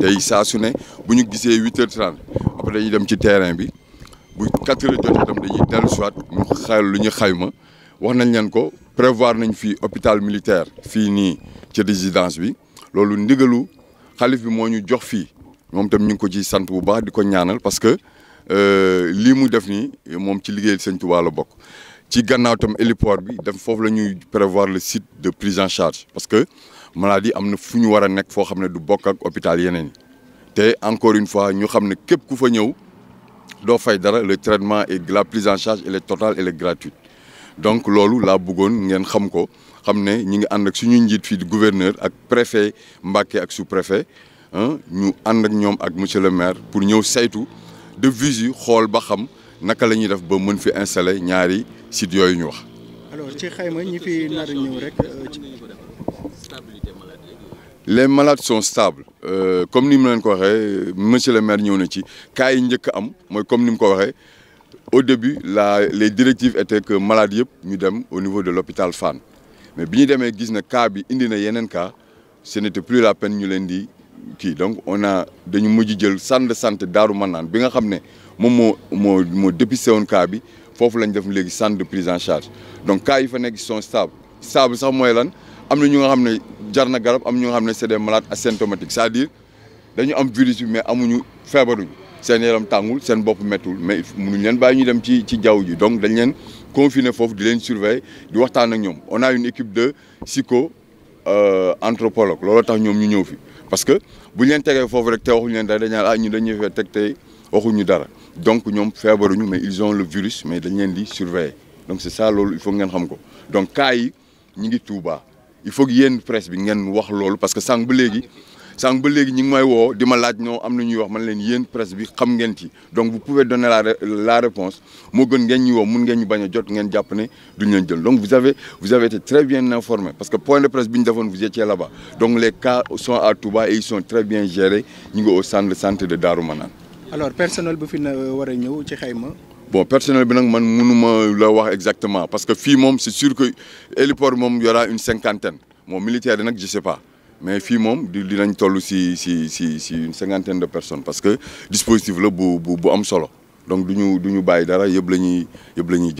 tey saa su ne bu ñu gisee huit heures après dañuy dem ci terrain bi bu quatre heures jotee tam dañuy dellu soit ñu xayal lu ñu xayma wax nañ leen ko prévoir nañ fii hôpital militaire fii nii ci résidence bi loolu ndigalu xalif bi moo ñu jox fii moom tam ñu ngi ko ciy sant bu baax di ko ñaanal parce que euh, lii mu def nii moom ci liggéey Sëñ Tuubaa bokk ci gannaaw tam héliport bi dem foofu la ñuy prévoir le site de prise en charge parce que maladie am na fu ñu war a nekk foo xam ne du bokk ak hôpital yeneen te encore une fois ñu xam ne képp ku fa ñëw doo fay dara le traitement et la prise en charge elle est totale elle est donc loolu laa bëggoon ngeen xam ko xam ne ñi ngi ànd ak su ñu njiit fii di gouverneur ak préfet Mbacké ak sous-préfet ñu ànd ak ñoom ak monsieur le maire pour ñëw saytu de visu xool ba xam naka la ñuy def ba mën fi installer ñaari sites yooyu ñu wax. alors ci xayma ñi fi nar ñëw rek. Euh, les malades sont stables euh, comme ni mu leen ko waxee monsieur le maire ñëw na ci cas yi njëkk am mooy comme ni mu ko waxee au début la les directives étaient que malade yëpp ñu dem au niveau de l'hôpital Fann mais bi ñu demee gis na cas bi indi na yeneen cas ce n'était plus la peine ñu leen di. kii donc on a dañu mujj jël centre de santé Daaru Manaan bi nga xam ne moom moo moo moo dépisté woon cas bi foofu lañ def léegi centre de prise en charge donc cas yi fa nekk son stables stable sax mooy lan am na ñu nga xam ne jar na garab am ñu nga xam ne c'est des malades asymptomatiques c'est-à-dire dañu am virus bi mais amuñu feebaruñu seen yaram tàngul seen bopp mettul mais mënuñ ñeen baa ñu dem ci ci jaww ji donc dañ leen confiner foofu di leen surveiller di waxtaan ak ñoom on a une de psycho Euh, anthropologue looloo tax ñoom ñu ñëw fi parce que bu ñu tegee foofu rek te waxuñu leen dara dañaan ah, ñu dañuy fee teg tey waxuñu dara donc ñoom feebaruñu mais ils ont le virus mais dañ leen di surveiller donc c'est ça loolu il faut ngeen xam ko donc cas yi ñu ngi tuuba il faut que yéen presse bi ngeen wax loolu parce que sànq bu léegi sànq ba léegi ñu ngi may woo di ma laaj noo am na ñuy wax man leen yéen presse bi xam ngeen ci donc vous pouvez donner la réponse moo gën ngeen ñu woo mun ngeen ñu bañ a jot ngeen jàpp ne duñ leen jël donc vous avez vous avez été très bien informé parce que point de presse bi ñu defoon vous étiez là-bas donc les cas sont à Touba et ils sont très bien gérés ñu ngi au centre de santé de Darou Manane. alors personnel bu fi na war ñëw ci ma bon personnel bi nag man ma la wax exactement parce que fii moom c'est sûr que héliport moom y aura une moom militaire nag je sais mais fii moom di dinañ toll si si si si une cinquantaine de personnes parce que dispositif la bu bu bu am solo donc du ñu du ñu bàyyi dara yëpp la ñuy yëpp la ñuy